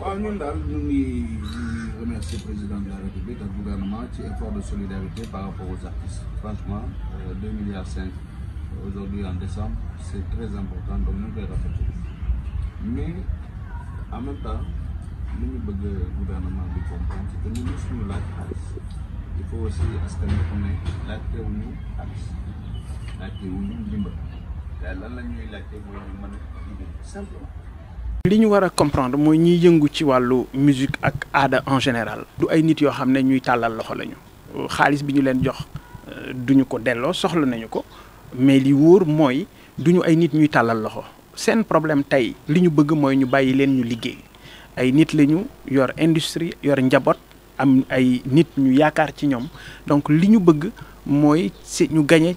Nous remercions le ñu président de la république le gouvernement est fort de solidarité par rapport aux artistes franchement 2,5 euh, milliards euh, aujourd'hui en décembre c'est très important donc nous ngi koy mais en même temps nous ñu le gouvernement bi comprendre que nous sommes là il faut aussi que nous prenions l'acte où nous sommes. L'acte où nous ñu Nous te lan la ñuy où simplement li ñu war a comprendre mooy ñiy yëngu ci wàllu musique ak aada en général. du ay nit yoo xam ne ñuy tàllal loxo lañu xaalis bi ñu leen jox euh, duñu ko delloo soxla nañu ko mais li wóor mooy duñu ay nit ñuy tàllal loxo seen problème tey li ñu bëgg mooy ñu bàyyi leen ñu liggéey ay nit lañu yor industrie yor njaboot. am ay nit ñu yaakaar ci ñoom donc li ñu bëgg mooy si ñu gañe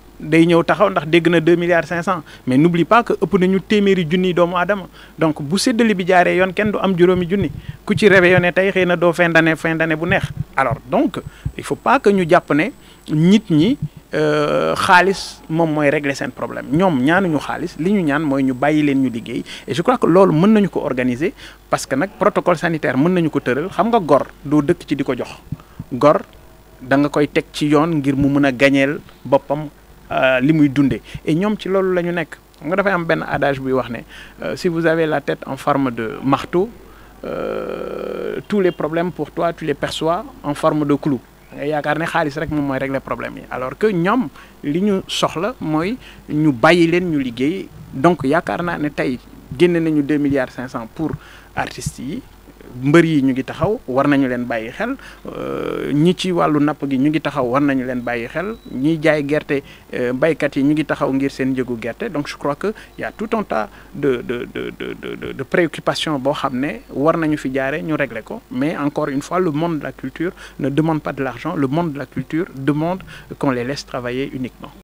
day ñëw taxaw ndax dégg na deux milliards cinq mais n'oublie pas que ëpp nañu téméri junni doomu aadama donc bu séddale bi jaaree yon kenn du am juroomi junni ku ci réveillonné tey tay na do fin d'année fin d'année bu neex alors donc il faut pas que ñu japp né nit ñi euh, xaliss mom moy régler seen problème ñoom ñaanuñu xaliss li ñu ñaan moy ñu bàyyi leen ñu liggéey et je crois que loolu mën nañu ko organiser parce que nak protocole sanitaire mën nañu ko tëral xam nga gor do dëkk ci di jox gor da nga koy tek ci yoon ngir mu mëna gagnel bopam euh, limuy dundé et ñom ci lolu lañu nek nekk nga dafay am ben adage buy wax né euh, si vous avez la tête en forme de marteau euh, tous les problèmes pour toi tu les perçois en forme de clou nga yaakaar ne xaalis rek moom mooy régler problème yi alors que ñom liñu soxla moy ñu bàyyi leen ñu liggéey donc yaakar na né tay génné nañu 2 milliards 500 pour artistes yi mbeur yi ñu ngi taxaw war nañu leen bayyi xel euh, ñi ci walu nap gi ñu ngi taxaw war nañu leen bayyi xel ñi jaay gerte euh, baykat yi ñu ngi taxaw ngir seen jëgu gerte donc je crois que il y a tout un tas de de de de de préoccupation boo xam ne war nañu fi jaare ñu régler ko mais encore une fois le monde de la culture ne demande pas de l'argent le monde de la culture demande qu'on les laisse travailler uniquement